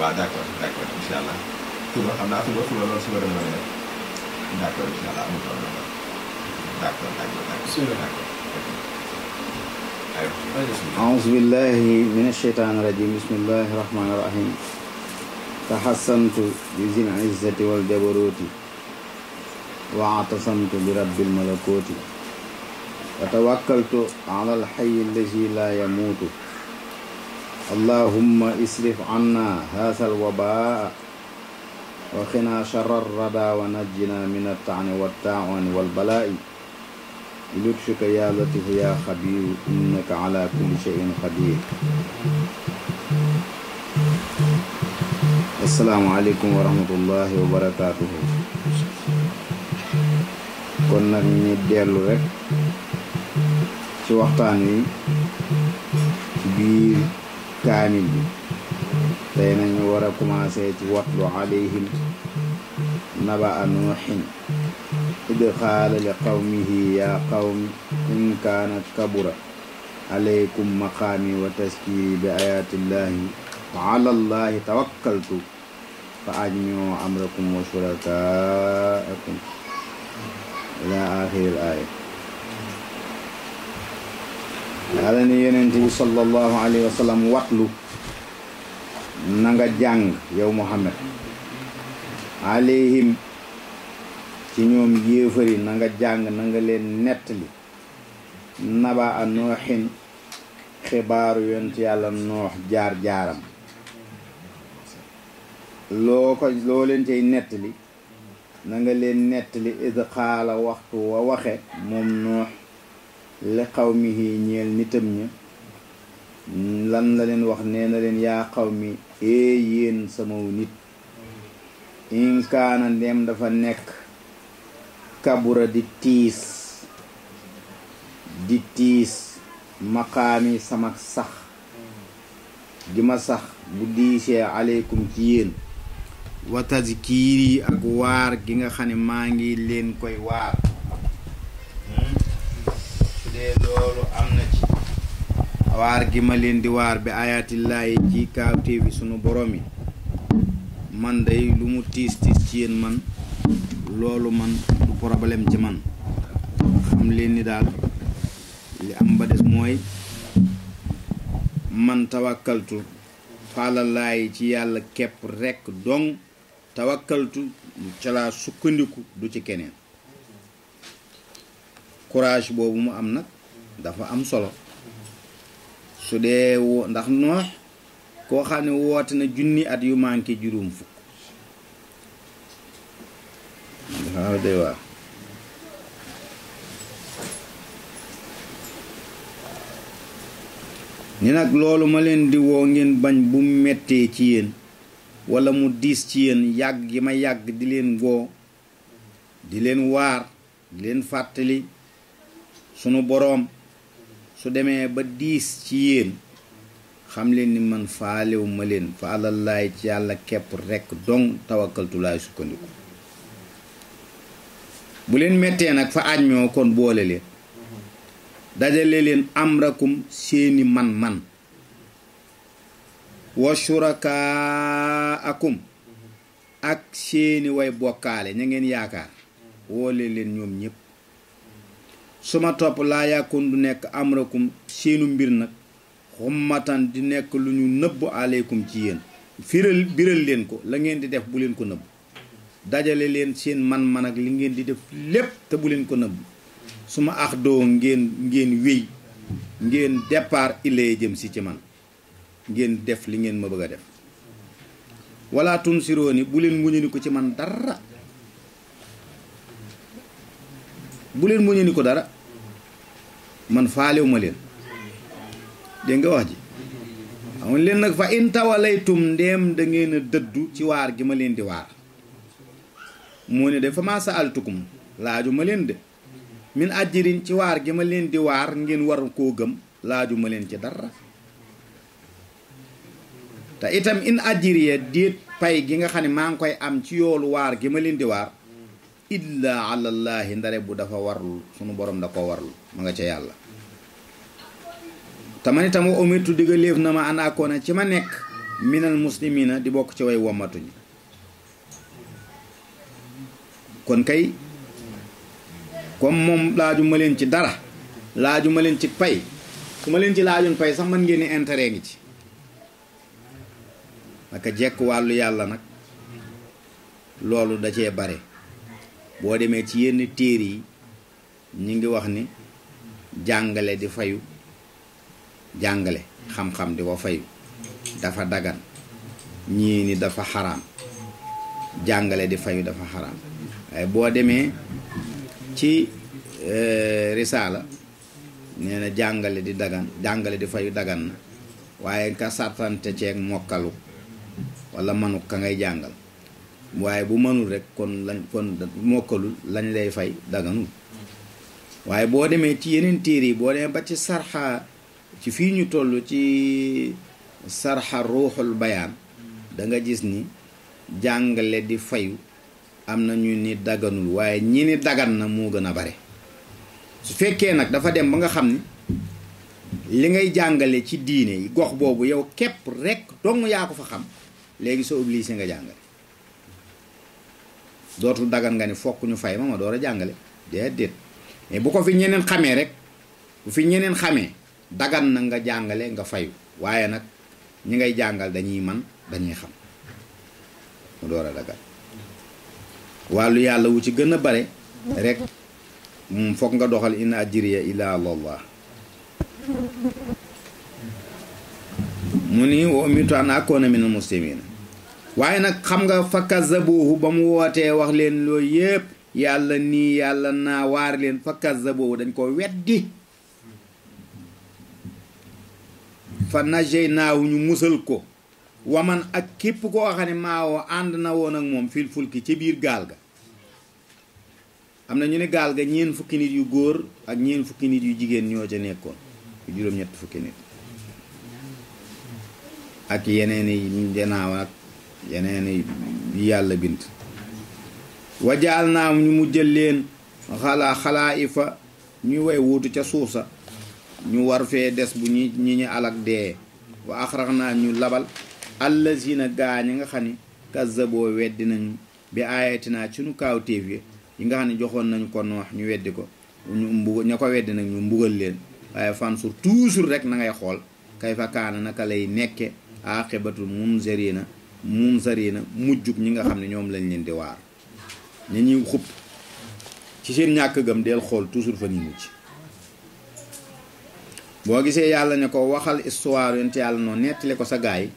waaw d' accord d' accord incha allah suba xam naa suba suba loolu suba dana mën a def d' accord incha allah amul problème d' accord d' accord d' accord. suba d' accord aywa. aouzu billahi mina shaytaani rajim bismillahi rahmaani rahim. taxassantu bi zil izzati wal jabaruuti. واعتصمت برب الملكوت وتوكلت على الحي الذي لا يموت اللهم اسرف عنا هذا الوباء وقنا شر الردى ونجنا من الطعن والتعون والبلاء لبشك يا لطيف يا خبير إنك على كل شيء قدير السلام عليكم ورحمة الله وبركاته كنا nag رك في وقتاني ci كامل بين وراكما سيت وقل عليهم نبا نوح اذ قال لقومه يا قوم ان كانت كبر عليكم مقامي وتذكيري بايات الله وعلى الله توكلت فاجمعوا امركم وشركاءكم الى اخر الايه yàlla ne yonent bi sallallahu alayhi wa watlu na nga jàng yow Muhammad alayhim ci ñoom yéefari na nga jàng na nga leen nettali naba a nooxin xibaaru yàlla noox jaar-jaaram loo ko loo leen tey nettali na nga leen nettali id waxtu wa waxe moom noox li xaw mi yi ñeel nitam ñi lan la leen wax nee na leen yaa xaw mi ee eh yéen samaw nit inkaana ndeem dafa nekk kabura di tiis di tiis maqaami sama sax di ma sax bu diisee aleykum ci yéen wa tazkiir yi ak waar gi nga xam ne maa ngi leen koy waar te loolu waar gi ma leen di waar bi ayaatillaahi ci kaawtée sunu borom yi man day lu mu tiis tiis ci yéen man loolu man du problème ci man xam leen ni daal li am ba des mooy man tawakkaltu faalalaay ci yàlla képp rekk dong tawakkaltu ca laa sukkandiku du ci keneen courage boobu mu am nag dafa am solo su dee woo ndax noox koo xam ne woote na junni at yu manqué juróom fukk ni nag loolu ma leen di woo ngeen bañ bu mettee ci yéen walla mu diis ci yéen yàgg gi ma yàgg di leen woo di leen waar di leen fàttali sunu boroom su demee ba diis ci yéen xam leen ni man faalew leen fa alallaay ci yàlla kepp rekk dong tawakkaltulaay sukkandiku bu leen mettee nag fa ajñoo kon boole leen dajale leen amrakum seeni man-man wa shurakaakum ak seeni way bokkaale ña ngeen yaakaar woole leen ñoom ñëpp su ma topp laa yàkkoon nekk amrakum seenu mbir nag xummatan di nekk lu ñu nëbb aleykum ci yéen firal biral leen ko la ngeen di def bu leen ko nëbb dajale leen seen man-man li ngeen di def lépp te leen ko nëbb suma ax doo ngeen ngeen wéy ngeen départ illee jëm si ci man ngeen def li ngeen ma bëgg a def wala tun sirooni bu leen wuñu ni ko ci man dara bu leen muñee ni ko dara man faalew ma leen dégg nga wax ji xam leen nag fa in tawalaytum ndeem da ngeen dëddu ci waar gi ma leen di waar moo ne de fa laaju ma leen de min ajjirin ci waar gi ma leen di waar ngeen war koo gëm laaju ma leen ci dara te itam in ajjiriya déet pay gi nga xam ne maa ngi koy am ci yoolu waar gi ma leen di waar illa Allah ndare bu dafa warlu sunu borom da ko warlu ma nga ca yalla tamani tamu omitu diga na ma ana ko na ci ma nek minal muslimina di bok ci way wamatuñu kon kay kom mom laaju ma len ci dara laaju ma len ci pay suma len ci laajoon pay sax man ngeen ni intérêt ngi ci naka jek walu yalla nak lolou da ci bare boo demee ci yenn téere yi ñu ngi wax ni jàngale di fayu jàngale xam-xam di ko fayu dafa dagan ñii ni dafa xaraam jàngale di fayu dafa xaraam waaye boo demee ci e, risaala nee jàngale di dagan jàngale di fayu dagan na waaye ka sartante ceeg mokkalu walla manu ka ngay jàngal waye bu mënul rek kon lañ kon mokkalul lañ lay fay daganu waye bo démé ci yenen téré bo démé ba ci sarha ci fi ñu tollu ci sarha ruhul bayan da nga gis ni jangale di fayu amna ñu ni daganul waye ñi ni dagan na mo gëna bare su fekke nak dafa dem ba nga xamni li ngay jangale ci diiné gox bobu yow kep rek dong ya ko fa xam légui so obligé nga jangale dootul dagan nga ni fokk ñu fay ma ma door a jàngale déedéet mais bu ko fi ñeneen xamee rek bu fi ñeneen xamee dagan na nga jàngale nga fayu waaye nag ñi ngay jàngal dañuy man dañuy xam mu door a dagan wàllu yàlla wu ci gën a bare rek mm, foog nga doxal inna ajriya ila allah mu ni wa umitu an akuna min al waaye nag xam nga fakazzabuuhu ba mu wootee wax leen loolu yépp yàlla nii yàlla naa waar leen fakazzabuuhu dañ ko weddi fa najey naahu ñu musal ko waman ak képp koo xam ne maawoo ànd na woon ak moom fil fulki ci biir gaal ga am na ñu ne gaal ga ñeen fukki nit yu góor ak ñeen fukki nit yu jigéen ñoo ca nekkoon juróom-ñett fukki nit ak yeneen yi ñu denaaw ak yeneeni yàlla bind wajaal naa ñu mu jël leen xalaa xalaa ifa ñuy way wuutu ca suuf sa ñu war fee des bu ñi ñi ñu alak dee wa axrax naa ñu labal allazina gaañ nga xam ni kazzaboo weddi nañu bi aayatinaa ci nu kaawtéef yi yi nga xam ne joxoon nañu ko noox ñu weddi ko ñu mbug ña ko weddi nag ñu mbugal leen waaye fansur toujours rek na ngay xool kay fa kaana naka lay nekke aqibatul munzirina munzarina mujjug ñi nga xam ne ñoom lañ leen di waar ñi ñuy xupp ci seen ñàkk gëm del xool toujours fa ñu mujj boo gisee yàlla ne ko waxal histoire yonent yàlla noo nettali ko sa gaay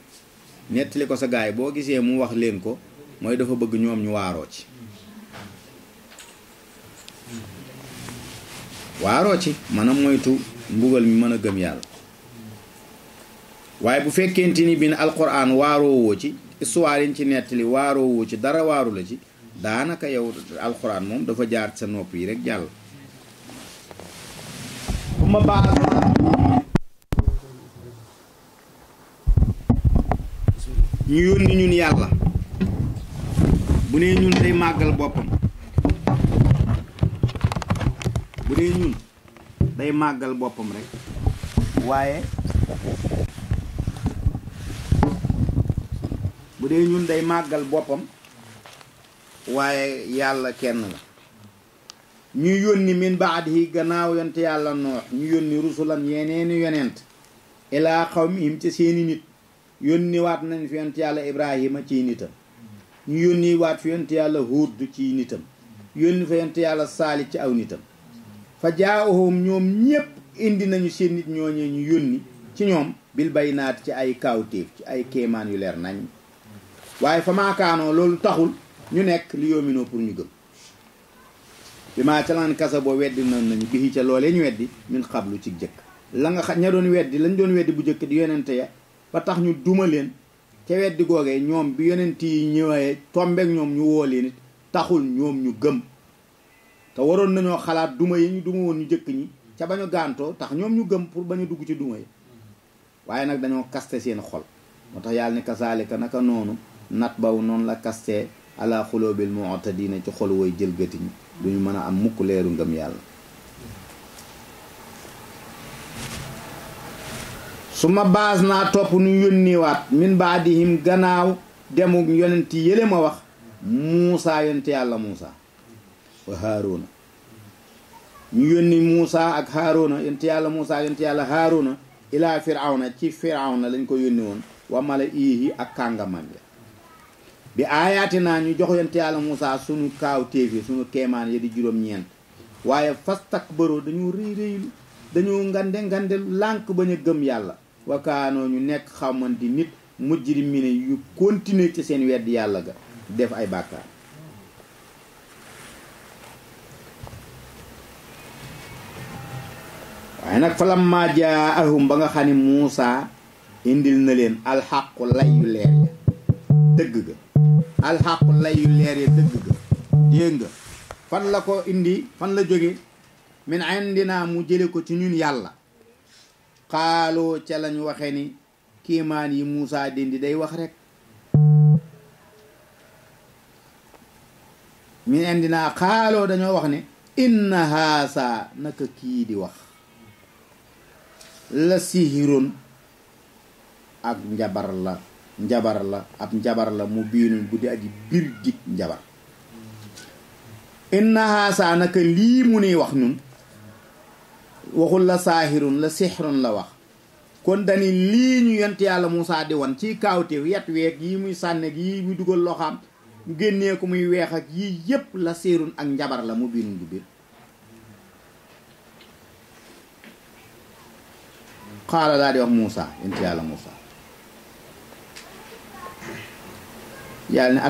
nettali ko sa boo gisee mu wax leen ko mooy dafa bëgg ñoom ñu waaroo ci waaroo ci mën moytu mbugal mi mën a gëm yàlla waaye bu fekkente ni bi ne alquran waaroo woo ci histoire yi ci nettali waaroo wu ci dara waaru la ci daanaka yow alxuraan moom dafa jaar sa nopp yi rek jàll bu ma bu nee ñun day màggal boppam bu nee ñun day màggal boppam rek waaye bu dee ñun day màggal boppam waaye yàlla kenn la ñu yónni min baad yi gannaaw yonte yàlla noox ñu yónni rusulan yeneeni yonent ilaa xawmihim ci seeni nit yónni waat nañ fi yonte yàlla ibrahima ciy nitam ñu yónni waat fi yonte yàlla huud nitam yónni fa saali ci aw nitam fa jaawahum ñoom ñépp indi nañu seen nit ñooñee ñu yónni ci ñoom bil baynaat ci ay kaawtéef ci ay kéemaan yu leer nañ waaye fa maakaanoo loolu taxul ñu nekk li yoominoo pour ñu gëm bi maa ca laan kasa boo weddi nan nañu bihi ca loolee ñu weddi min xablu ci jëkk langa nga xa ña doon weddi lañ doon weddi bu jëkk di yonente ya ba tax ñu duma leen ca weddi googee ñoom bi yonent yi ñëwee tombeek ñoom ñu woo leen taxul ñoom ñu gëm te waroon nañoo xalaat duma yi ñu duma woon ñu jëkk ñi ca bañu gàntoo tax ñoom ñu gëm pour bañu dugg ci duma yi waaye nag dañoo kaste seen xol moo tax yàlla ne kasaalika naka noonu nat baw noonu la kaste ala xuloobil mu'tadina ci xol woy lu duñu mën a am mukk leeru ngëm yàlla su ma baas naa topp nu yónniwaat min baadihim gannaaw demuk yonent yële ma wax Muusaa yonent yàlla Muusaa wa Haaruna ñu yónni Muusaa ak Haaruna yonent yàlla Muusaa yonent yàlla Haaruna ilaa Firawna ci Firawna lañ ko yónni woon wa iihi ak kàngamam ya bi aayaatinaa ñu jox yent yalla musa sunu kaw TV sunu keemaan yi di juróom ñent waye fastakbaru dañu rëy rëylu dañu ngande ngande lank baña gem yalla yàlla wakaanoo ñu nek xamanti nit mujj mine yu continue ci seen wedd yalla ga def ay bàkkaar waaye nag falamma jaahum ba nga xani musa indil na haqq alxaqu yu leer ya, deug ga alxaqu lay yu leer dëgg ga dégg fan la ko indi fan la jóge min indina mu jële ko ci ñun yàlla xaaloo ca lañu waxe ni kiimaan yi Muusaa dendi day wax rek min indina xaaloo dañoo wax ni inna haasa naka kii di wax la sihirun ak njabar la njabar la ab njabar la mu biinun bu di aji bir dig njabar innahaa saa naka lii mu nuy wax nun waxul la saahirun la sixrun la wax kon dani lii ñu yent yàlla Moussa di wan ci kaawteef yet weeg yi muy sànneeg yi mu dugal loxaam génnee ko muy weex ak yii yépp la séerun ak njabar la mu biinun bu biir xaala daa di wax Moussa yent yàlla Moussa yalla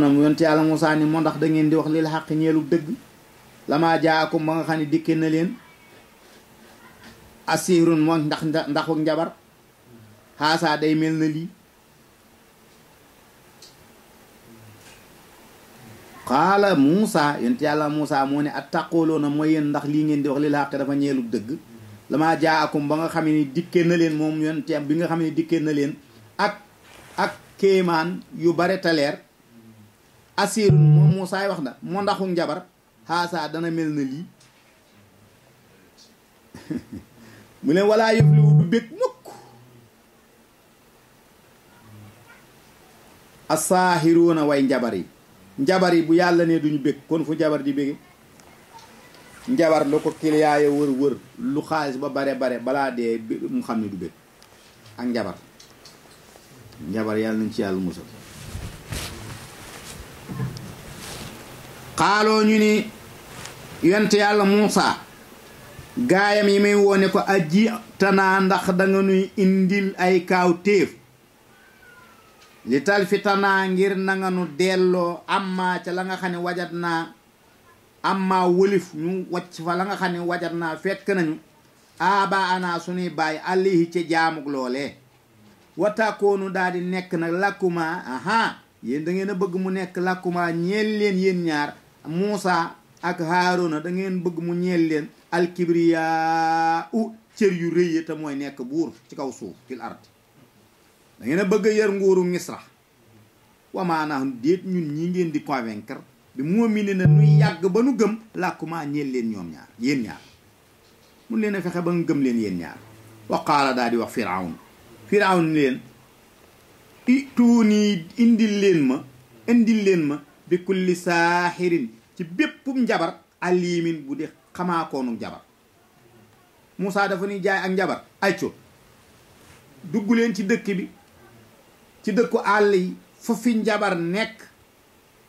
ne mu yonti yalla musa ni mo ndax da ngeen di wax lil haqq ñeelu deug lama jaakum ma nga xani dikke na len asirun mo ndax ndax ak njabar xaasaa day mel na lii qaala Moussa yonte musa Moussa moo ne attaqooloona mooy yéen ndax li ngeen di wax lil dafa ñeelu deug lama jaakum ba nga xamni dikke na len mom yonti bi nga xamni dikke na len ak ak kéemaan yu bare te leer asiirun moom muusaay wax na mu ndaxu njabar xaasaa dana mel na lii mu ne walaa yëfliwu du bég mukk asaahiruuna way njabar yi njabar yi bu yàlla ne duñu bég kon fu jabar di bége njabar lu ko kiliyaaye wër wër lu xaalis ba bare bare balaa dee mu xam ne du bég ak njabar njabar yàlla yàlla musal xaaloo ñu ni yont yàlla Muusa gaayam yi muy wone ko aji tanaa ndax danga nuy indil ay kaaw téef li tal fi tanaa ngir nanga nu delloo amma ca la xam ne wajat naa amma wolif ñu wacc fa la nga xam ne wajat naa fekk nañu aaba ana sunuy bàyyi àllihi ca jaamug loolee wataakoonu daal di nekk nag làkkuma aha yéen da ngeen a bëgg mu nekk làkkuma ñeel leen yéen ñaar Muusa ak Haaruna da ngeen bëgg mu ñeel leen alkibriya u cër yu rëy te mooy nekk buur ci kaw suuf fil ard da a bëgg a yar nguuru Misra wamaanaam déet ñun ñi ngeen di convaincre bi moo mi ne na nuy yàgg ba nu gëm làkkuma ñeel leen ñoom ñaar yéen ñaar mun leen a fexe ba nga gëm leen yéen ñaar wa qaala daal di wax firawun firaaw ni leen ituunii indil leen ma indil leen ma bi kulli saaxirin ci béppum njabar alimin bu di xamaakoonu njabar Moussa dafa ni jaay ak njabar ayco dugg leen ci dëkk bi ci dëkku àll yi fa njabar nekk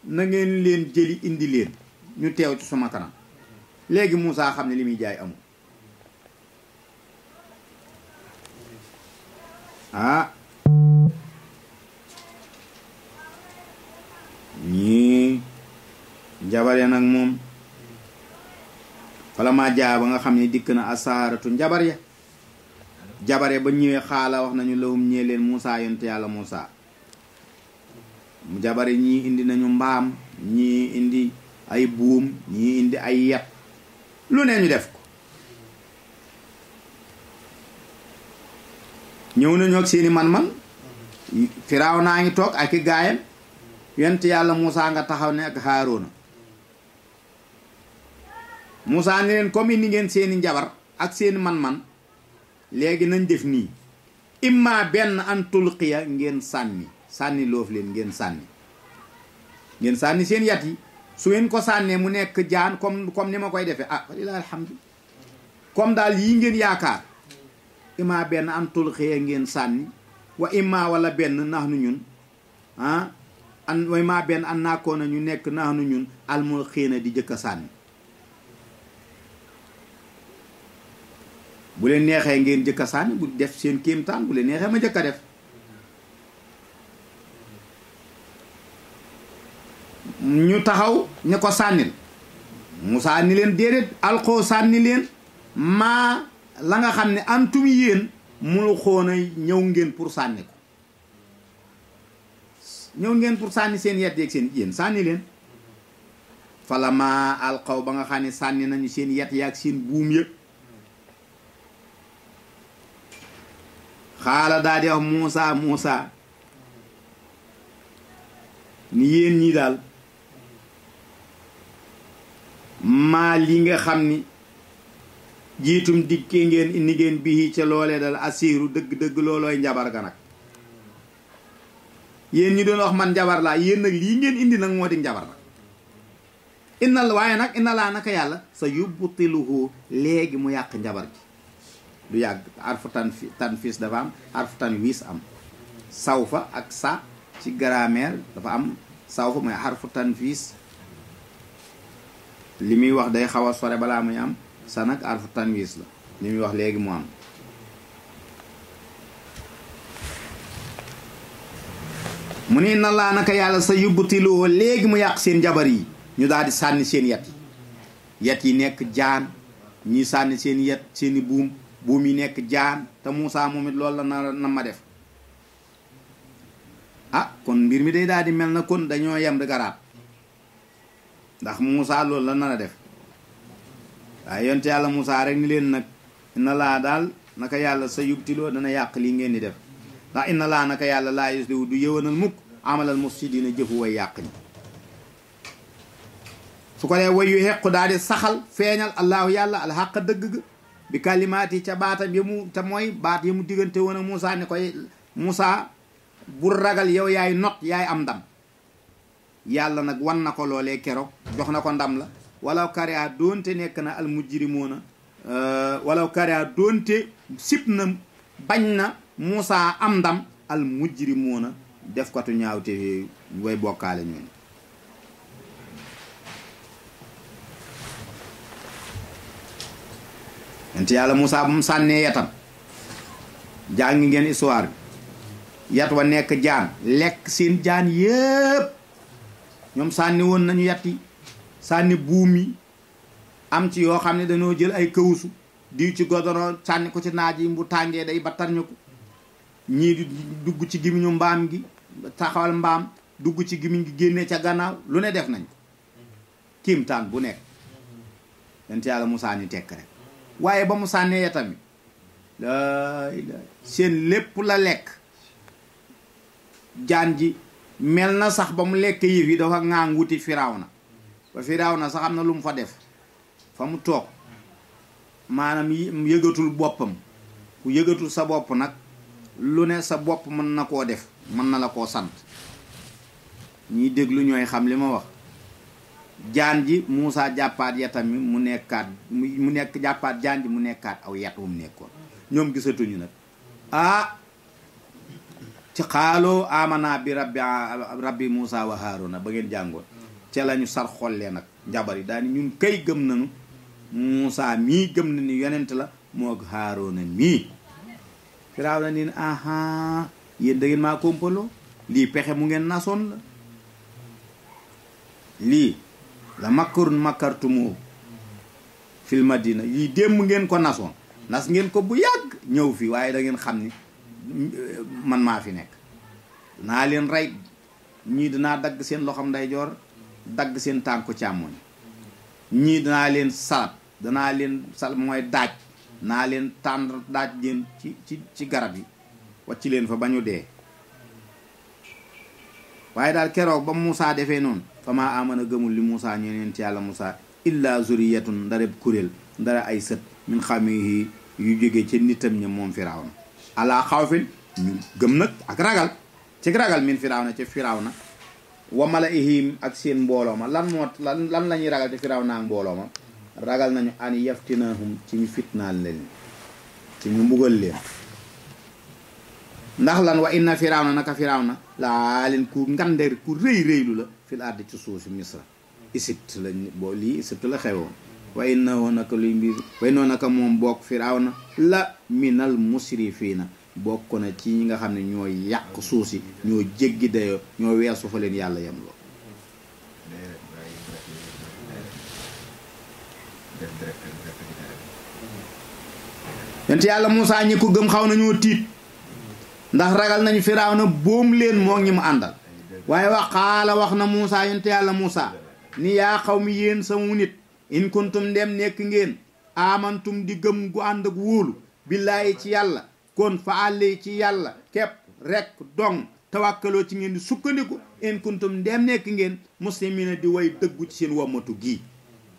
na ngeen leen jëli indi leen ñu teew ci sama kanam léegi Moussa xam ne li muy jaay amul A ñii njabar ya nak mom. fala ma jaaba nga xamni dik na asaratu njabar ya jabar ya ba ñewé xala wax nañu lewum ñeleen Musa yent Yalla Musa mu jabar indi nañu mbaam ñii indi ay boom ñii indi ay yet lu neñu def ko ñëw nañu ak seeni man-man firaaw naa ngi toog ak i gaayam yent yàlla Moussa nga taxaw ne ak Haaruna Moussa ne leen comme ni ngeen seeni njabar ak seen man-man léegi nañ def nii imma benn an tulqiya ngeen sànni sànni loofu leen ngeen sànni ngeen sànni seen yat yi su ngeen ko sànnee mu nekk jaan comme comme ni ma koy defee ah walilahi comme daal yii ngeen yaakaar imma benn an tulxee ngeen sànni wa imma wala benn nax nu ñun ah an wa imma benn an naakoo ñu nekk nax nu ñun almul xiina di jëkk a sànni bu neexee ngeen jëkk a sànni def seen kéemtaan bu leen neexee ma jëkk def ñu taxaw ne ko sànnil mu sànni leen déedéet alxoo sànni leen maa la nga xam ne antum yéen mulu xoon a ñëw ngeen pour sànni ko ñëw ngeen pour sànni seen yedd yeeg seen yéen sànni leen falama alxaw ba nga xam ni sànni nañu seen yet yaag seen buum yëpp xaala daa di wax ni yéen ñi daal maa li nga xam ni jiitum dikkee ngeen indi ngeen bii ca loolee dal asiiru dëgg-dëgg loolooy njabar ga nag yéen ñu doon wax man njabar laa yéen nag lii ngeen indi nag moo di njabar nag innal waaye nag inna laa naka yàlla sa yubtiluhu léegi mu yàq njabar gi du yàgg arfu tan tan fiis dafa am arfu tan wiis am sawfa ak sa ci grammaire dafa am sawfa mooy arfu tan fiis li muy wax day xaw a sore balaa muy am sa nag arfu tanwis la li muy wax léegi mu am mu ne na naka yàlla sa yubbutiloo léegi mu yàq seen jabar yi ñu daal di sànni seen yat yi yet yi nekk jaan ñuy sànni seen yat seeni buum buum yi nekk jaan te Moussa moom it loolu la na na ma def ah kon mbir mi day daldi mel na kon dañoo yem di garaat ndax Moussa loolu la nar def waaye yonte yàlla musa rek ni leen nag inna laa daal naka yàlla sa yubtiloo dana yàq lii ngeen di def ndax inna laa naka yàlla laa yuslihu du yëwanal mukk amalal mufsidina jëfu way yàq ñi su ko dee wayu xequ daal di saxal feeñal allahu yàlla a dëgg ga bi kalimaat yi ca baatam ya mu te mooy baat ya mu diggante woon ak ne koy Moussa bu ragal yow yaay not yaay am ndam yàlla nag wan na ko loolee keroog jox na ko ndam la walaw kariha doonte nekk na al mujrimoona euh, walaw kariha doonte sib na bañ na Muusa am ndam al mujrimoona def katu ñaaw te way bokkaale ñooñu ent yàlla Muusa bu mu sànnee yatam jàngi ngeen histoire bi yat wa nekk jaan lekk seen jaan yépp ñoom sànni woon nañu yat yi sànni buum yi am ci yoo xam ne dañoo jël ay këwusu diw ci godoron sànni ko ci naaj yi bu tàngee day battar ñu ko ñii di dugg ci gimiñu mbaam gi taxawal mbaam dugg ci gimiñ gi génnee ca gannaaw lu ne def nañ ko kiimtaan bu nekk yonent yàlla mu sànni tekk rek waaye ba mu sànnee ya tamit laay laay seen lépp la lekk jaan ji mel na sax ba mu lekk yëf yi dafa ŋaang wuti firaaw na ba firaaw na sax am na lu mu fa def fa mu toog maanaam yëgatul boppam ku yëgatul sa bopp nag lu ne sa bopp mën na koo def mën na la koo sant ñiy déglu ñooy xam li ma wax jaan ji Moussa jàppaat yatam mu nekkaat mu nekk jàppaat jaan ji mu nekkaat aw yat wu nekkoon ñoom gisatuñu nag ah ci xaaloo amana bi rabbi rabbi Moussa wa Haaruna ba ngeen jàngoon ca lañu sar xollee nag njabar yi daani ñun kay gëm nañu musaa mii gëm na ni yonent la moog Haaroona mii firaaw na niin aha yéen da ngeen maa kompaloo lii pexe mu ngeen nasoon la lii la makkarun makkartumoo fil madina lii démb ngeen ko nasoon nas ngeen ko bu yàgg ñëw fii waaye da xam ni man maa fi nekk naa leen rey ñii danaa dagg seen loxam ndeyjoor dagg seen tànku càmmoñ ñii danaa leen salab danaa leen sal mooy daaj naa leen tànn daaj leen ci ci ci garab yi ci leen fa ba ñu dee waaye daal keroog ba musaa defee noonu famaa amana gëmul li musaa ñeneen ci yàlla Moussa illa zuriyatun ndareb kuréel ndara ay sët min xamihi yu jóge ci nitam ña moom Firawna alaa xawfin ñu gëm nag ak ragal ci ragal min Firawna firaaw na wa mala ihim ak seen mbooloo ma lan moo lan lan la ñuy ragal ci firaw naa mbooloo ma ragal nañu an yaftinahum ci ñu fitnaan leen ci ñu mbugal leen ndax lan wa inna firaw na naka firaw na laa leen ku ngander ku rëy rëylu la fil ardi ci suufu misra isit lañ boo lii la xewoon wa innahu naka luy mbir wa innahu naka moom bokk firaw na la minal musrifina bokk na ci ñi nga xam ne ñoo yàq suusi si ñoo jéggi dayoo ñoo weesu fa leen yàlla yem loo yent yàlla Moussa ñi ko gëm xaw nañoo tiit ndax ragal nañu firaaw na boom leen moo ñi mu àndal waaye wax xaala wax na Moussa yent yàlla Moussa ni yaa xaw mi yéen sa nit in kuntum dem nekk ngeen amantum di gëm gu ànd ak wóolu billaahi ci yàlla kon faale ci yalla kep rek dong tawakkalo ci ngeen di sukkandiku in kuntum dem nek ngeen muslimina di way deggu ci seen womatu gi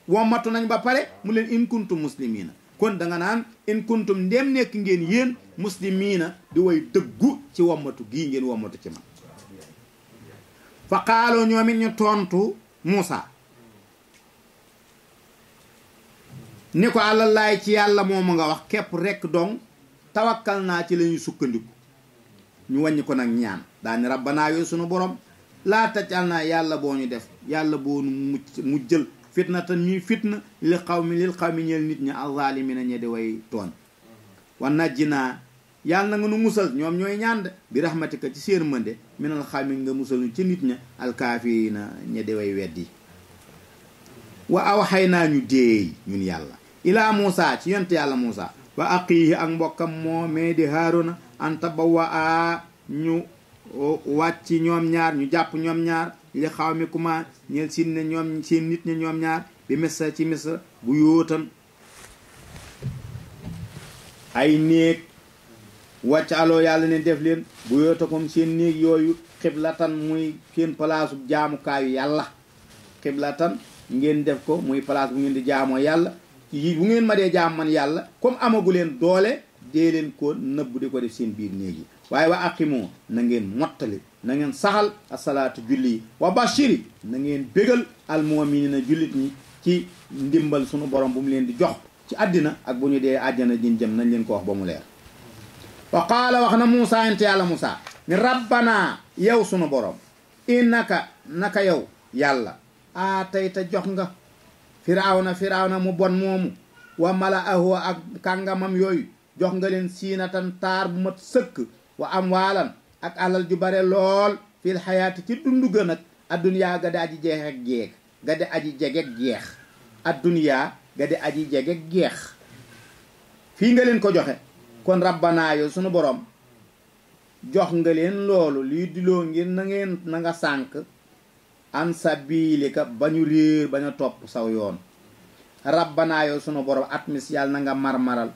womatu nañ ba pare mu len in kuntum muslimina kon da nga nan in kuntum dem nek ngeen yeen muslimina di way deggu ci womatu gi ngeen womatu ci ma fa qalo ñoom ñu tontu musa ni ko àllallaay ci yalla moomu nga wax kep rek dong tawakkal naa ci lañuy sukkandiku ñu wàññi ko nag ñaan daani rabbanaa yooyu sunu borom laa tajal naa yàlla boo ñu def yàlla boo nu mucc mu jël fitna tan ñuy fitna li xaw mi lil xaw mi nit ñi azaalimina ñe di way tooñ wan najji naa yàlla na nga nu musal ñoom ñooy ñaan de bi rahmatika ci seen mënde minal xaw nga musal ci nit ña alkaafirina na di way yi wa aw naa ñu déey ñun yàlla ilaa Muusa ci yonte yàlla musaa ba aqiihi ak mbokkam moo moomee di haaruna an tabawaa ñu wàcc ñoom ñaar ñu jàpp ñoom ñaar li xaw kuma ñeel sin ne ñoom seen nit ñi ñoom ñaar bi missa ci missa bu yóotan ay néeg wàcc aloo yàlla ne def leen bu yóotakom seen néeg yooyu xiblatan muy seen palaasu jaamukaayu yàlla xiblatan ngeen def ko muy palaas bu ngeen di jaamoo yàlla yi bu ngeen ma dee jaam man yàlla comme amagu leen doole dee leen ko nëbbu di ko def seen biir néegi yi waaye wa aqimoo na ngeen mottali na ngeen saxal asalaatu julli yi wa bashiri na ngeen bégal almuminina jullit ñi ci ndimbal sunu borom bu mu leen di jox ci àddina ak bu ñu dee àjjana jin jëm nañ leen ko wax ba mu leer wa qaala wax na Muusaa ente yàlla Muusaa ni rabbanaa yow sunu borom innaka naka yow yàlla aatayta jox nga firawna firawna mu bon momu wa malaahu ak kangamam yoy jox nga len sinatan tar bu mat sëkk wa am walan ak alal ju bare fil hayati ci dundu gën nak adunya ga di aji jeex ak jeeg ga de aji jeeg ak jeex adunya ga de aji jeeg ak jeex fi nga len ko joxe kon rabbana yo sunu borom jox nga len lolou li dilo ngeen na ngeen na nga sank an sabilika ba ñu réer ba ñu topp saw yoon rabbanaa yow sunu borom atmis yàlla na nga marmaral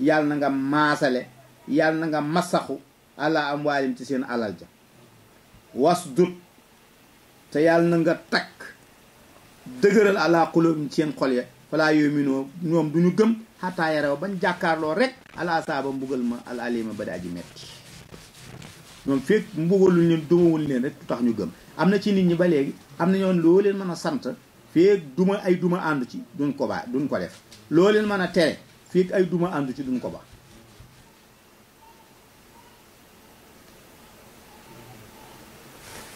yàlla na nga maasale yàlla na nga masaxu ala am waalim ci seen alal ja was dut te yàlla na nga takk dëgëral ala xulóom ya falaa yoominoo gëm xataa yarew bañ jàkkaarloo rek ala saaba mbugal ma al alima ba di aji metti ñoom fekk mbugaluñ leen dumawuñ leen rek du tax ñu gëm am na ci nit ñi ba léegi am na ñoon loo leen mën a sant feeg duma ay duma ànd ci duñ ko baa duñ ko def looleen mën a tere feeg ay duma ànd ci duñ ko ba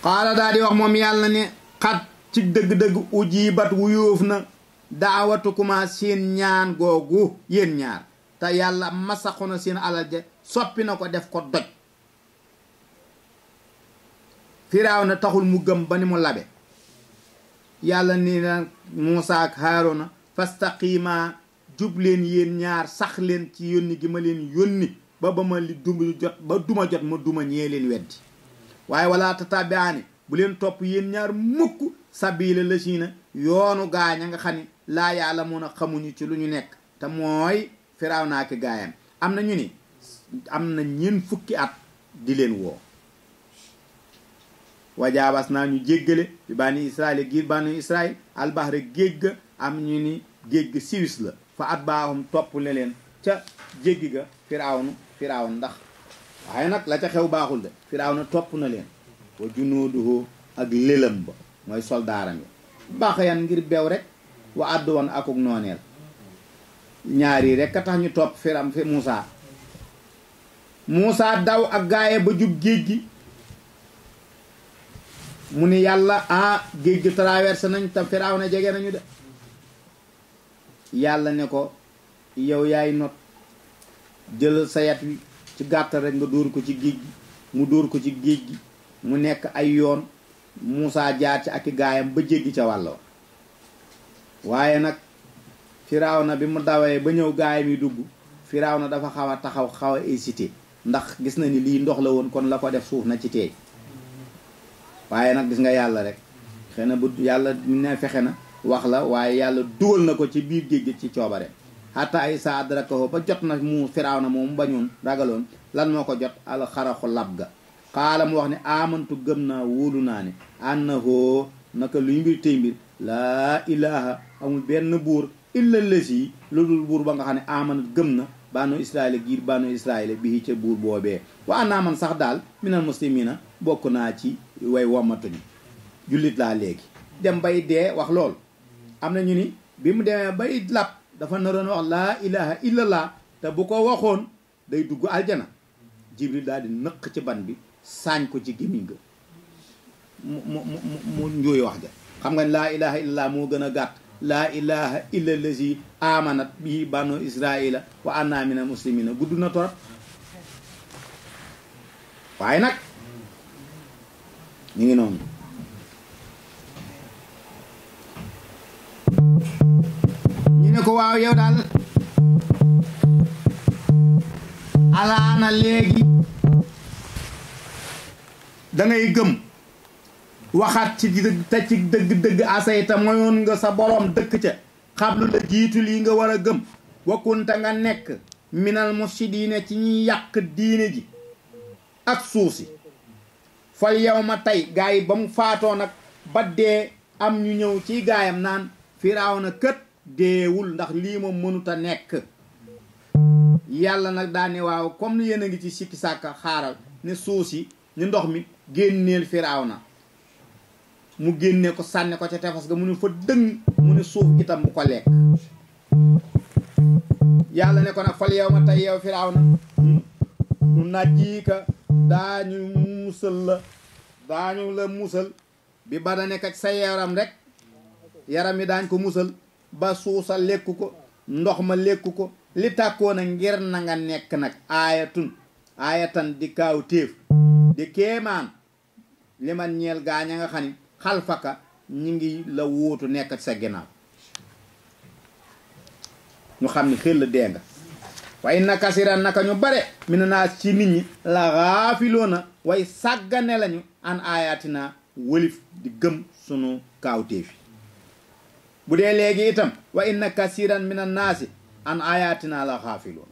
xaala daa di wax moom yàlla ne xat ci dëgg-dëgg ujibat wuyóof na daawatukuma seen ñaan googu yéen ñaar te yàlla masaxu na seen alal ja soppi na ko def ko doj firaaw na taxul mu gëm ba ni mu labe yàlla ni na Muusa ak Haaruna fastaqiima jub leen yéen ñaar sax leen ci yónni gi ma leen yónni ba ba ma li jot ba duma jot ma duma ñee leen weddi waaye wala tataabiaani bu leen topp yéen ñaar mukk sabiila la si na yoonu gaaña nga xam ni laa yàlla mun a xamuñu ci lu ñu nekk te mooy firaaw naa ki gaayam am na ñu ni am na ñeen fukki at di leen woo wajaawas naa ñu jéggale bi bani israil a giir bani israil albahra géej ga am ñu ni géej ga siwis la fa at baahum topp le leen ca jéggi ga firawnu firawnu ndax waaye nag la ca xew baaxul de firawna topp na leen wa junuuduhu ak lëlam ba mooy soldaaram yi baxayan ngir bew rek wa àddu woon akuk nooneel ñaar yi rek a tax ñu topp firam fi Moussa Moussa daw ak gaaye ba jub géej gi mu ni yàlla ah géej gi traversé nañ te firaaw na jege nañu de yàlla ne ko yow yaay not jël sa yat wi ci gàttal rek nga dóor ko ci géej gi mu dóor ko ci géej gi mu nekk ay yoon Moussa jaar ci ak gaayam ba jéggi ca wàll wa waaye nag firaaw na bi mu dawee ba ñëw gaayam yi dugg firaaw na dafa xaw a taxaw xawa a ndax gis na ni lii ndox la woon kon la ko def suuf na ci teey waaye nag gis nga yàlla rek xëy na bu yàlla mu ne fexe na wax la waaye yàlla dugal na ko ci biir géej gi ci coobare xataa ay sa adrakahu ba jot na mu firaaw na moom bañoon ragaloon lan moo ko jot alxaraxu lab ga xaala mu wax ne amantu gëm naa wóolu naa ne naka luy mbir tey mbir laa amul benn buur illa lu dul buur ba nga xam ne amanat gëm na banu israila giir banu israila bii ca buur boobee wa annaa man sax daal minal muslimina bokk naa ci way wommatuñu jullit laa léegi dem bay dee wax lool am na ñu ni bi mu demee bay làpp dafa naroon wax laa ilaha illallah te bu ko waxoon day dugg aljana jibril daal di nëq ci ban bi saañ ko ci gémmiñ ga mu mu mu njuuy wax ja xam nga laa ilaha illallah moo gën a gàtt laa ilaha illa lazi amanat bii banu israila wa anna mina muslimina gudd na torop waaye nag ñu ngi noonu ñu ne ko waaw yow daal alaana léegi dangay gëm waxaat ci dëgg te ci dëgg-dëgg asayta mayoon nga sa boroom dëkk ca xablu la jiitu lii nga war a gëm wakkunta nga nekk minal mufsidiina ci ñuy yàq diine ji ak suuf si fal yow ma tey gaa yi ba mu faatoo nag ba dee am ñu ñëw ci gaayam naan firaaw na kët deewul ndax lii moom mënut a nekk yàlla nag daane waaw comme yéen a ngi ci sikki sàkka xaaral ne suuf si ni ndox mi génneel firaaw na mu génne ko sànni ko ca tefes ga mu ne fa dëng mu ne suuf itam bu ko lekk yàlla ne ko nag fal yow ma tey yow firaaw na nu najjiika daañu musal la daañu la musal bi ba da nekk ak sa yaram rek yaram mi daañ ko musal ba suusa lekk ko ndox ma lekk ko li tàkkoon a ngir na nga nekk nag aayatun aayatan di kaaw téef di kéemaan li man ñeel gaañ a nga xam xalfaka ñi ngi la wóotu nekk sa ginnaaw ñu xam ni xel dee nga waaye naka sira naka ñu bare mi ne ci nit la xaafiloona way sàggane lañu an aayaatinaa wëlif di gëm sunu kaawteefi bu dee léegi itam wa inna kasiran min naasi an ayatina la xaafiloon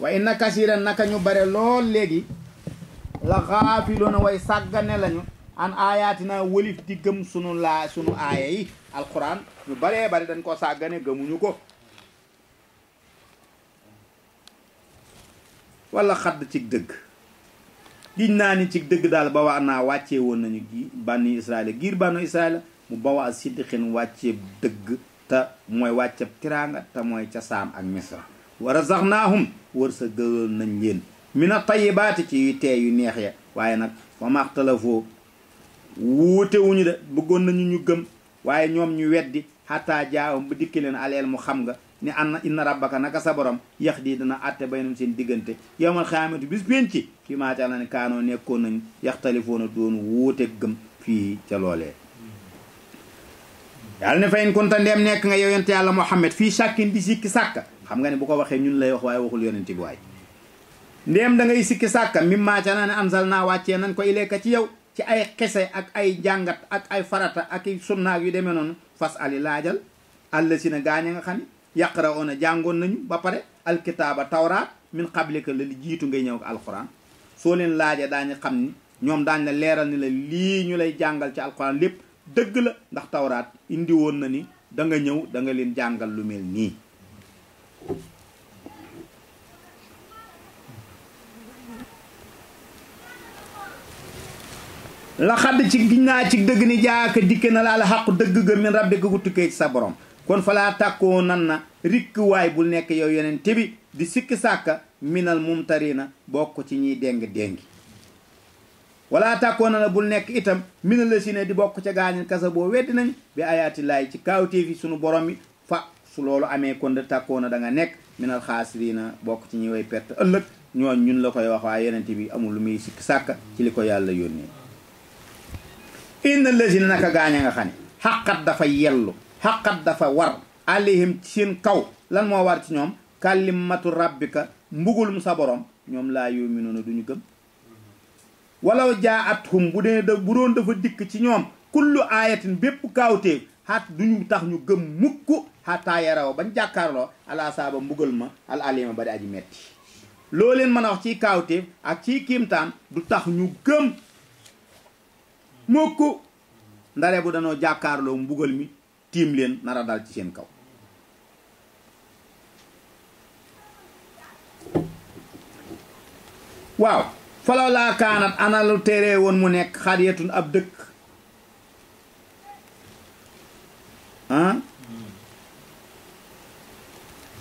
wa inna kasiran naka ñu bare lool léegi la xaafiloon way sàggane lañu an ayatina wëlif di gëm sunu laa alquran ñu baree bari dañ koo sàggane gëmuñu ko wala xadd ci dëgg giñ naa ni ci dëgg daal ba wax naa wàccee woon nañu gi bànni israila giir bànnu israila mu bawa a siddiqin wàccee dëgg te mooy wàcceb tiraanga te mooy ca ak misra wa razaqnaahum wërsëgaloon nañ leen mina tayibaati ci yu tee yu neex ya waaye nag wa maxtalafoo wuute wuñu de bëggoon nañu ñu gëm waaye ñoom ñu weddi xataa jaawam bu dikki leen aleel mu xam nga ni anna inna rabbaka naka sa borom yax di dana ba baynum seen diggante yowmal xaamatu bis benn ci fi maa taala kaanoo nekkoon nañu yaxtalifoona doon wuute gëm fii ca loolee yàlla ne fayin kunta ndeem nekk nga yow yonent yàlla Muhammad fii sàkkin di sikki sàkka xam nga ne bu ko waxee ñun lay wax waaye waxul yonent bi waay ndeem da ngay sikki sàkka mi maa ca naa ne anzal naa wàccee nan koy ileeka ci yow ci ay xese ak ay jàngat ak ay farata ak i sunnaag yu demee noonu fas ali laajal àll si na gaañ a nga xam ne yàqara oona jàngoon nañu ba pare alkitaaba tawraat min xablika la li jiitu ngay ñëw ak alquran soo leen laaja daañu xam ni ñoom daañ la leeral ni la lii ñu lay jàngal ci alquran lépp dëgg la ndax tawraat indi woon na ni danga ñëw danga leen jàngal lu mel nii la xadd ci giñ naa ci dëgg ni jaaka dikke na la la xaqu dëgg ga min rabbi gu tukkee ci sa borom kon falaa tàkkoo nan na rikk waay bul nekk yow yeneen tebi di sikk sàkka minal mumtarina bokk ci ñiy déng-déngi wala tàkkoon na bul nekk itam mina si ne di bokk ca gaañin kasa boo weddi nañ bi ayaati laay ci kaawteef yi sunu borom yi fa su loolu amee kon de tàkkoon na da nga nekk minal xaasiriina bokk ci ñi way perte ëllëg ñooñ ñun la koy wax waaye yonent amul lu muy sikk sàkk ci li ko yàlla yónnee inna lazina naka gaañ nga xam ne xaqat dafa yellu xaqat dafa war alayhim seen kaw lan moo war ci ñoom kalimatu rabbika mbugulum sa borom ñoom laa yuminuuna du ñu gëm walaw jaathum bu dee da bu doon dafa dikk ci ñoom kullu aayatin bépp kaawteef xaat duñu tax ñu gëm mukk xataa yaraw bañ jàkkaarloo alasaaba mbugal ma al alima ba di aji metti loo mën a wax ciy kaawteef ak ciy kiimtaan du tax ñu gëm mukk ndare bu danoo jàkkaarloo mbugal mi tiim leen nara dal ci seen kaw waaw falaw laa kaanat ana lu woon mu nekk xariyatun ab dëkk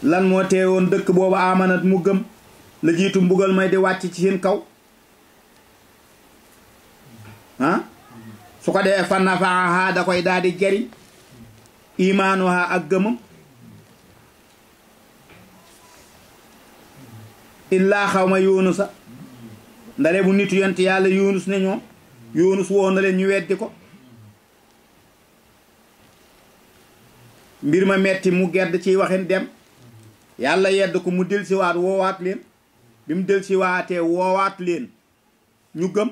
lan moo tee woon dëkk boobu amanat mu gëm la jiitu mbugal may di wàcc ci seen kaw ah su ko defee fa nafaaha da koy daal di jëriñ imaanuha ak gëmam illaa xawma sa ndare bu nitu yonent yàlla yunus ne ñoom yunus woo na leen ñu weddi ko mbir ma metti mu gedd ciy waxin dem yàlla yedd ko mu delsiwaat woowaat leen bi mu delsiwaatee woowaat leen ñu gëm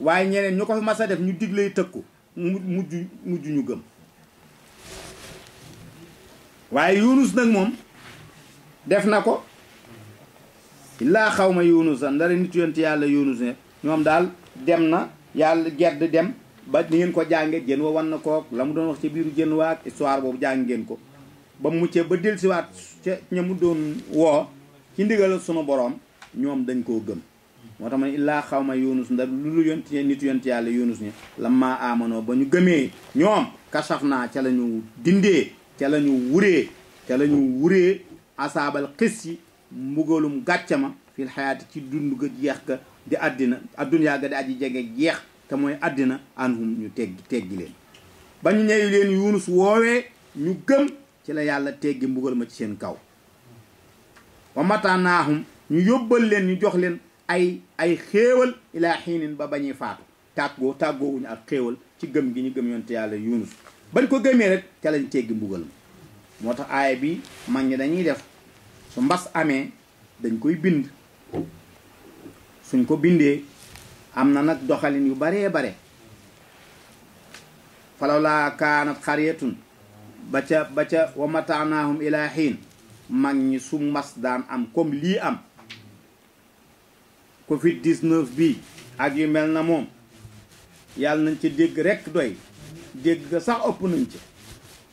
waaye ñeneen ñu ko fi mas a def ñu diglay tëkku mu mujj mujj ñu gëm waaye yunus nag moom def na ko illaa xaw ma yunusan ndara nit yonent yàlla yunus ne ñoom daal dem na yàlla gedd dem ba ni ngeen ko jànge jën wa wan na kook la mu doon wax ci biiru jën waag histoire boobu jàng ngeen ko ba muccee ba dellusiwaat ca ña mu doon woo ci ndigal sunu boroom ñoom dañ koo gëm moo tax ma ne illaa xaw ma yunus ndax lu lu yont nit yont yàlla yunus ñi lamma amanoo ba ñu gëmee ñoom kasaf naa ca lañu ñu dindee ca lañu ñu wuree ca la ñu wuree asaabal xis yi mbugalum gàcce ma fil xayaati ci dund ga jeex ga di àddina addunyaa ga di aji jege jeex te mooy àddina anhum ñu teggi teggi leen ba ñu ñëw leen yunus woowee ñu gëm ci la yàlla teggi mbugal ma ci seen kaw wa mataanaahum ñu yóbbal leen ñu jox leen ay ay xéewal ilaa xiinin ba bañuy faatu tàggoo tàggoowuñu ak xéewal ci gëm gi ñu gëm yonte yàlla yunus bañ ko gëmee rek ca lañ teggi mbugal ma moo tax aay bi mag ñi dañuy def su mbas amee dañ koy bind suñ ko bindee am na nag doxalin yu baree bare falaw laa kaanat xariyatun ba ca ba ca wa ilaa xiin mag ñi su mbas daan am comme lii am Covid 19 bi ak yu mel na moom yàlla nañ ci dégg rekk doy dégg sax ëpp nañ ci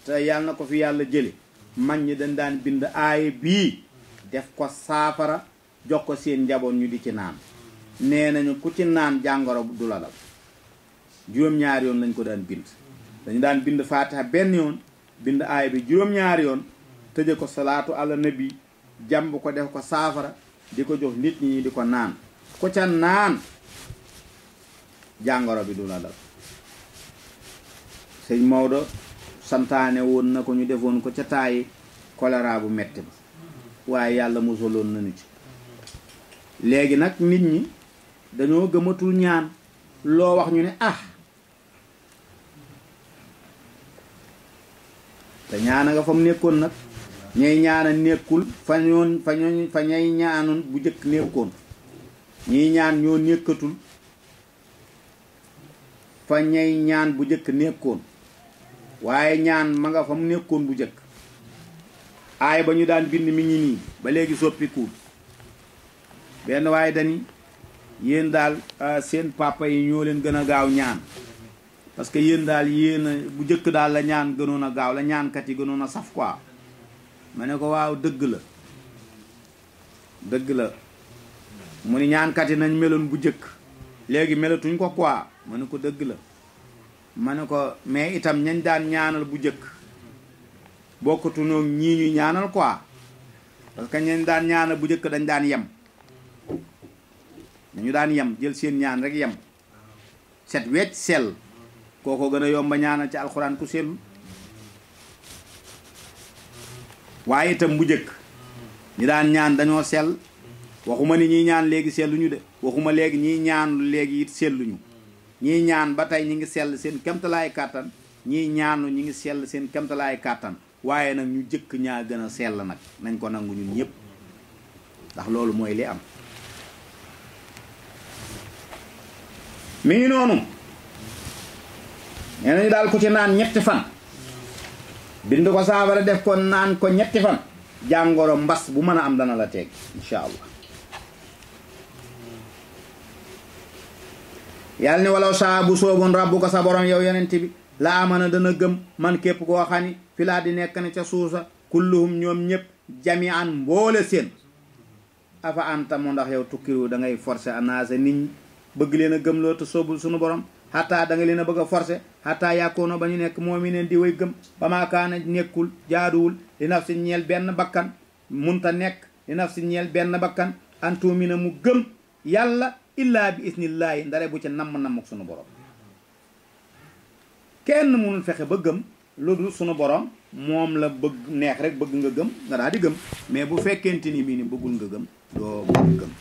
te yàlla na ko fi yàlla jële mag ñi dañ daan bind aaya bii def ko saafara jox ko seen njaboot ñu di ci naan nee nañu ku ci naan jàngoro du la dal juróom-ñaari yoon lañ ko daan bind dañ daan bind faatiha benn yoon bind aaya bi juróom-ñaari yoon tëje ko salaatu ala nabi jàmb ko def ko saafara di ko jox nit ñi di ko naan ku ca naan jàngoro bi du la dal sëñ Maodo santaane woon na ko ñu defoon ko ca taay choléra bu metti ba waaye yàlla musaloon nañu ci léegi nag nit ñi dañoo gëmatul ñaan loo wax ñu ne ah te ñaana nga fa mu nekkoon nag ñay ñaana nekkul fa ñoon fa ñay ñaanoon bu jëkk nekkoon ñiy ñaan ñoo nekkatul fa ñay ñaan bu jëkk nekkoon waaye ñaan ma nga fa mu nekkoon bu jëkk aay ba ñu daan bind mi ngi nii ba léegi soppikuul benn waaye dani yéen daal ah, seen papa yi ñoo leen gën a gaaw ñaan parce que yéen daal yéen bu jëkk daal la ñaan gënoon a gaaw la ñaankat yi gënoon a saf quoi ma ne ko waaw dëgg la dëgg la mu ni ñaankat nañ meloon bu jëkk léegi melatuñ ko quoi ma ne ko dëgg la ma ne ko mais itam ñañ daan ñaanal bu jëkk bokkatuñoo ñii ñu ñaanal quoi parce que ñañ daan ñaanal bu jëkk dañ daan yem ñu daan yem jël seen ñaan rek yem set wecc koo ko gën a yomba ñaanal ci alxuraan ku sellul waaye itam bu jëkk ñu daan ñaan dañoo sel waxuma ni ñiy ñaan léegi selluñu de waxuma léegi ñiy ñaan léegi it selluñu ñiy ñaan ba tey ñi ngi sell seen kemtalaay kàttan ñiy ñaanu ñi ngi sell seen kemtalaay kàttan waaye nag ñu jëkk ñaa gën a sell nag nañ ko nangu ñun ñëpp ndax loolu mooy li am mi ngi noonu nee nañu daal ku ci naan ñetti fan bind ko saafara def ko naan ko ñetti fan jàngoro mbas bu mën a am dana la teg yàlla ni walaw saa bu ràbbu ko sa borom yow yonent bi la na dana gëm man képp ko xam ni di nekk na ca suusa kulluhum ñoom ñëpp jami an mboole seen afa anta mu ndax yow tukkiru da ngay forcé anase nit bëgg leen a gëm loo te soobul suñu borom xataa da nga leen a bëgg a forcé xataa na ba ñu nekk moom i neen di way gëm ba maakaana nekkul jaaduwul li naf si ñeel benn bakkan ta nekk li naf si ñeel benn bakkan antuumi na mu gëm إلا بإذن الله إن داري بوتي نام نام سونو بوروم كين مون فخي با گم لودو سونو بوروم موم لا بگ نيه رك بگ nga گم دا دي گم مي بو فكنتي ني ميني بگول nga گم دو بگ گم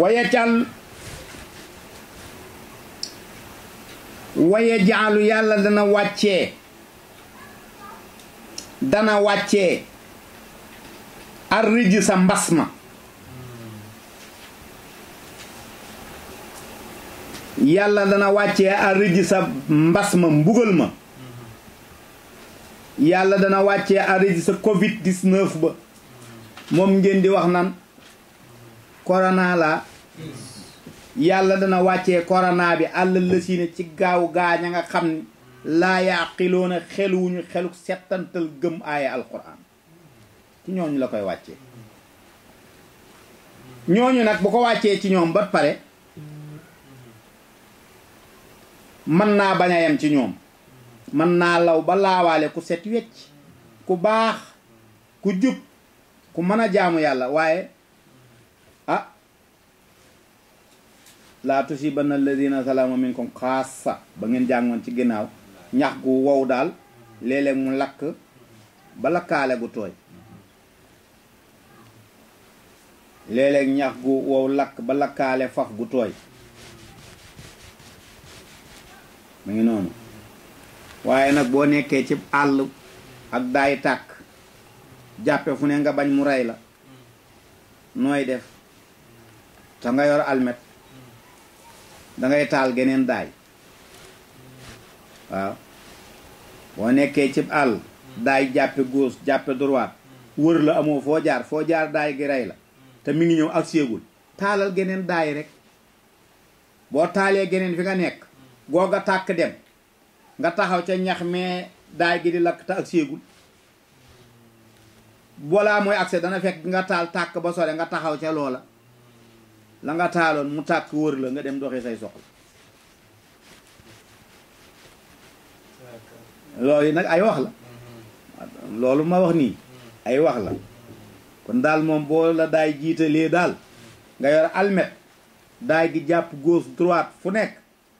ويجعل ويجعل يالا دنا واتيه dana wàccee arriji sa mbas ma yàlla dana wàccee arriji sa mbas ma mbugal ma yàlla dana wàccee arriji sa covid 19 ba moom ngeen di wax nan korona la yàlla dana wàccee korona bi àll la ci gaaw gaa a nga xam laa yaaqiloona xeluwuñu xeluk settantal gëm aaya alquran ci ñooñu la koy wàcce ñooñu nag bu ko wàccee ci ñoom ba pare mën naa bañ a ci ñoom mën naa law ba laawaale ku set wecc ku baax ku jub ku mën a jaamu yàlla waaye ah laa tusibanna alladina salaamu minkum xaasa ba ngeen jàngoon ci ginnaaw ñax gu wow daal léeg-léeg mu lakk ba lakkaale gu tooy léeg ñax gu wow lakk ba lakkaale faf gu tooy mu ngi noonu waaye nag boo nekkee ci àll ak daay tàkk jàppe fu ne nga bañ mu rey la nooy def te nga yor almet dangay taal geneen daay waaw boo nekkee ci àll daay jàppe gauche jàppe droite wër la amoo foo jaar foo jaar daay gi rey la te mi ngi ñëw ak séegul taalal geneen daay rek boo taalee geneen fi nga nekk googa tàkk dem nga taxaw ca ñax mee daay gi di lakk te ak séegul boolaa mooy accès dana fekk nga taal tàkk ba sore nga taxaw ca loola la nga taaloon mu tàkk wër la nga dem doxee say soxla loolu nag ay wax la loolu ma wax nii ay wax la kon daal moom boo la daay jiitalee daal nga yor almet daay gi jàpp gauche droite fu nekk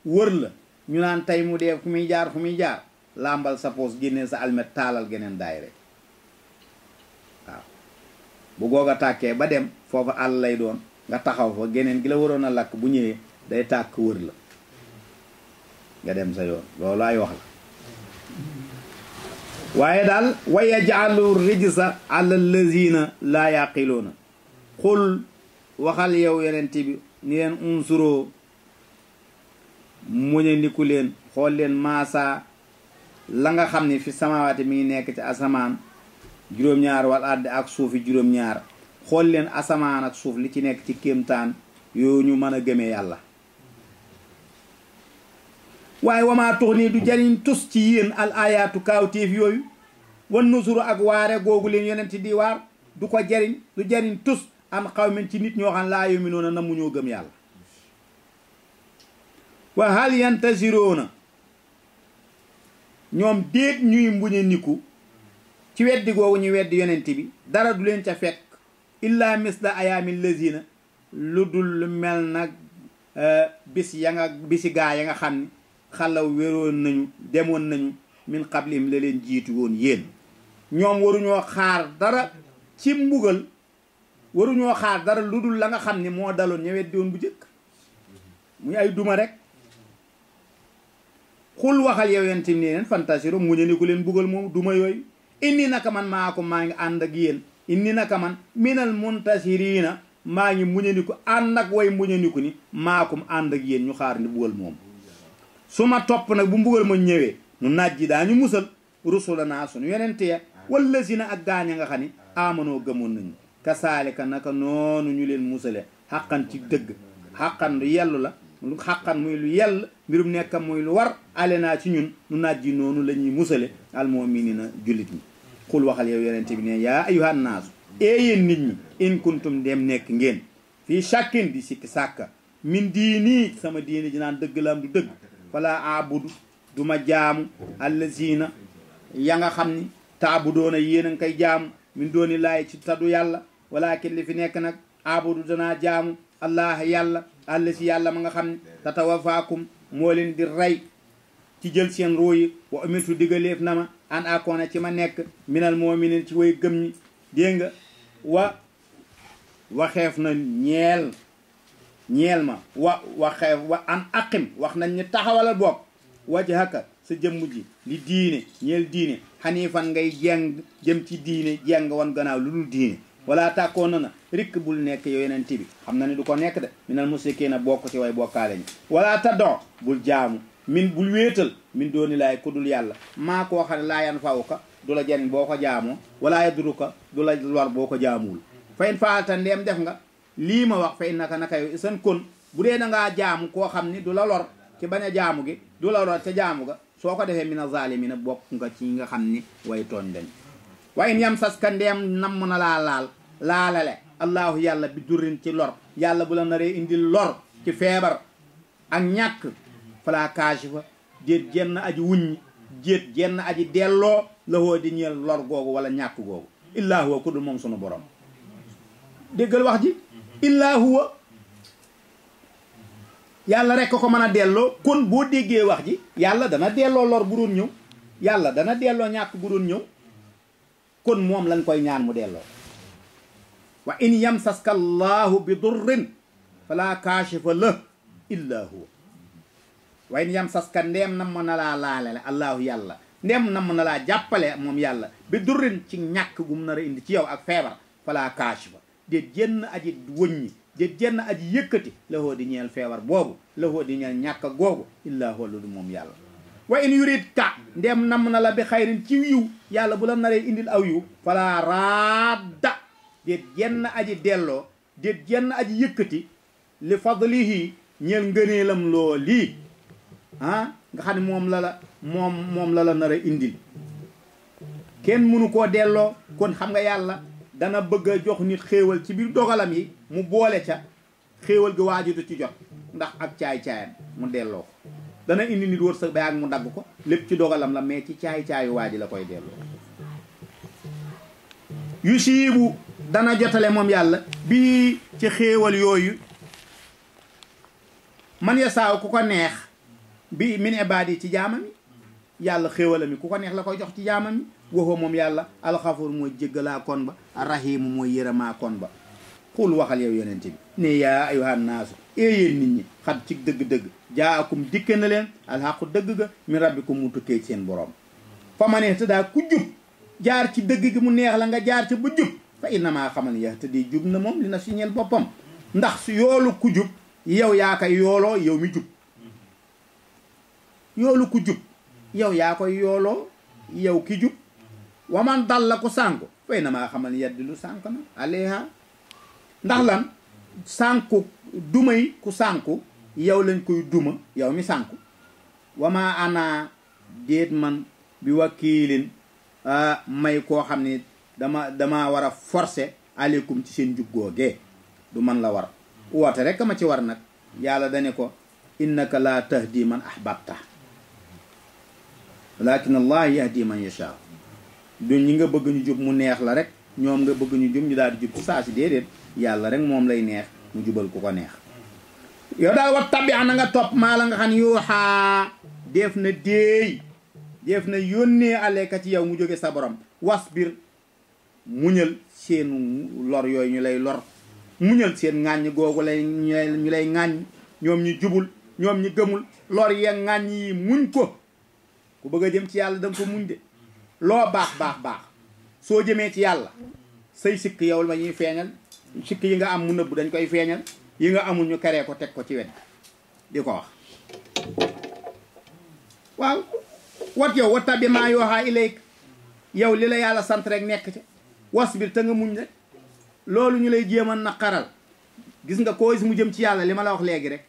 wër la ñu naan tey mu dee fu muy jaar fu muy jaar làmbal sa poos génnee sa almet taalal geneen daay rek waaw bu goog a tàkkee ba dem foofa àll lay doon nga taxaw fa geneen gi la waroon a lakk bu ñëwee day tàkk wër la nga dem sa yoon loolu ay wax la waaye daal wa yajcalu rijsa ala allazina laa yaqiluuna xul waxal yow yonent bi ni leen unsuroo muñandiku leen xool leen maasa la nga xam ni fi samawaati mi ngi nekk ci asamaan juróom-ñaar wal ardi ak suufi juróom-ñaar xool leen asamaan ak suuf li ci nekk ci kéemtaan yoo ñu mën a gëmee yàlla waaye wamaa tuxni du jariñ tus ci yéen al ayaatu kaawtéef yooyu wan nusuru ak waare googu leen yonent di waar du ko jariñ lu jariñ tus am xawmin ci nit ñoo xam laa yuminoona na mu ñoo gëm yàlla wa hal yantaziroona ñoom déet ñuy mbuñe niku ci weddi googu ñu weddi yonent bi dara du leen ca fekk illa misla ayaami lazina lu dul mel nag eh, bis ya nga bisi gaa ya nga xam ni xalaw wéroon nañu demoon nañu min xablim la leen jiitu woon yéen ñoom waruñoo xaar dara ci mbugal waruñoo xaar dara lu dul la nga xam ne moo daloon ñëwet doon bu jëkk muy ay duma rek xul waxal yow yéen tamit nee neen fantasiro mu leen buggal moom duma yooyu indi naka man maa ko maa ngi ànd ak yéen indi naka man minal muntasirina maa ngi muñandiku ànd ak way muñandiku ni maakum ànd ak yéen ñu xaar ni bugal moom su ma topp nag bu mbugal ma ñëwee nu najji ñu musal rusulanaa sunu yonente ya wallazina ak gaaña nga xam ni amanoo gëmoon nañu ka kasaalika naka noonu ñu leen musale xaqan ci dëgg xaqan yellu la lu xaqan muy lu yell mbirum nekkam muy lu war alenaa ci ñun nu najji noonu la ñuy musale almuminina jullit ñi xul waxal yow yonente bi ne yaa ayuhan naasu eeyéen nit ñi in kuntum dem nekk ngeen fii chàkkin di sikki sàkka min diinii sama diini ji naan dëgg la dëgg wala abudu du ma jaamu allazina ya nga xam ni taabudoona yéen a ngi koy jaamu min dooni laay ci taddu yàlla walakin li fi nekk nag abudu danaa jaamu allah yàlla allazi yàlla ma nga xam ne tatawafaakum moo leen di ray ci jël seen ruu yi wa umiltu digaleef na ma an akoona ci ma nekk minal moominin ci way gëm ñi dégg nga wa waxeef na ñeel ñeel ma wa waxee wa an aqim wax nañ ñu taxawalal boog wajaka sa jëmm ji li diine ñeel diine xaniifan ngay jeng jëm ci diine jeng wan ganaaw lu dul diine wala tàkkoo na na rikk bul nekk yow yeneen tibi xam na ne du ko nekk de minal musrikiina bokk ci way bokkaale ñi wala taddoo bul jaamu min bul wéetal min dooni laay ku dul yàlla maako koo xam ne laayan faw ka du la jariñ boo ko jaamoo wala yaduru ka du la lor boo ko jaamuwul fayin faalta ndeem def nga lii ma wax fay naka naka yow isan kon bu dee da ngaa jaamu koo xam ni du la lor ci bañ jaamu gi du la lor ca jaamu ga soo ko defee mina zaalimina bokk nga ci nga xam ni way tooñ dañ waaye yam saska ndeem namm na laa laal laalale allahu yàlla bi durin ci lor yàlla bu la naree indi lor ci feebar ak ñàkk falaa kaashifa déet jenn aji wuññ jéet jenn aji delloo la woo di ñeel lor googu wala ñàkk googu illaa ku dul moom sunu borom déggal wax ji illaa huwa yàlla rek ko mën a delloo kon boo déggee wax ji yàlla dana delloo lor bu doon ñëw yàlla dana delloo ñàkk bu doon ñëw kon moom lañ koy ñaan mu delloo wa in yamsaska allahu bi durrin fala kaashifa la illaa huwa wa in yamsaska ndeem nam na laa laale allahu yàlla ndeem nam na laa jàppale moom yàlla bi durrin ci ñàkk gum nar a indi ci yow ak feebar fala kaashifa déet jenn aji wëññi déet jenn aji yëkkati la di ñeel feebar boobu la hoo di ñeel ñàkk googu illaa huwa lu du moom yàlla wa in yurid ka ndem nam na la bi xayrin ci yiw yàlla bu la naree indil aw yiw fala raadda déet jenn aji delloo déet jenn aji yëkkati li fadlihi ñeel ngëneelam loo lii ah nga xam ne moom la moom moom la nar a indil kenn mënu koo delloo kon xam nga yàlla dana bëgg a jox nit xéewal ci biir dogalam yi mu boole ca xéewal gi waaju du ci jot ndax ak caay-caayam mu delloo ko dana indi nit wërsëg ba ak mu dagg ko lépp ci dogalam la mais ci caay-caayu waaji la koy delloo yu siibu dana jotale moom yàlla bii ci xéewal yooyu man ya saaw ku ko neex bi min ibaad yi ci jaamami yàlla xéewala mi ku ko neex la koy jox ci jaamami waxoo moom yàlla alxafuur mooy jéggalaa kon ba rahimu mooy yërëmaa kon ba xul waxal yow yonente bi ne yaa ayuha naasu éeyéen nit ñi xat ci dëgg-dëgg jaa akum na leen alxaqu dëgg ga mi rabbikum mu tukkee seen borom fa ma ne te daa ku jub jaar ci dëgg gi mu neex la nga jaar ca ba jub fa innamaa xamal ya te di jub na moom li na si ñeel boppam ndax su yoolu ku jub yow yaa koy yooloo yow mi jub yoolu ki jub wa man la ku sànku fay na maa xamal yeddi lu sànk na aleha ndax lan sànku dumay ku sànku yow lañ koy duma yow mi sànku wama ana déet man bi wakiilin ah, may koo xam ni dama dama war a forcer aleykum ci seen juggoogee du man la war woote rek ma ci war nag yàlla dane ko innaka laa tahdi man ahbabta walakin allah yahdi man du ñi nga bëgg ñu jub mu neex la rek ñoom nga bëgg ñu jub ñu daal di jub ci saa si déedéet yàlla rek moom lay neex mu jubal ku ko neex yow daal wat tabi na nga topp maa la nga xam yuuxaa def na déey def na yónnee aleka ci yow mu jóge sa borom was bir muñal seen lor yooyu ñu lay lor muñal seen ŋàññ googu lay ñu lay ñu lay ŋàññ ñoom ñu jubul ñoom ñu gëmul lor yeeg ya ŋàññ yi muñ ko ku bëgg a jëm ci yàlla da nga ko muñ de loo baax baax baax soo jëmee ci yàlla say sikk yow la feeñal sikk yi nga am mu nëbb dañ koy feeñal yi nga amul ñu karee ko teg ko ci wet di ko wax waaw wat yow wat tabi maa yooxaa ilayk yow li la yàlla sant rek nekk ci was bir te nga muñ rek loolu ñu lay jéeman na xaral gis nga koo gis mu jëm ci yàlla li ma la wax léegi rek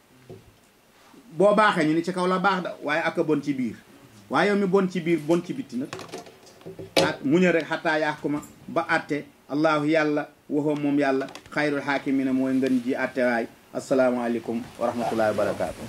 boo baaxee ñu ni ci kaw la baax da waaye ak bon ci biir waaye yow mi bon ci biir bon ci bitti nag ak muña rek xataa yaxkuma ba atte allahu yàlla waxoo moom yàlla xayrul xaakimina mooy ngën ji atte waay asalaamaaleykum wa rahmatullahi wa barakaatu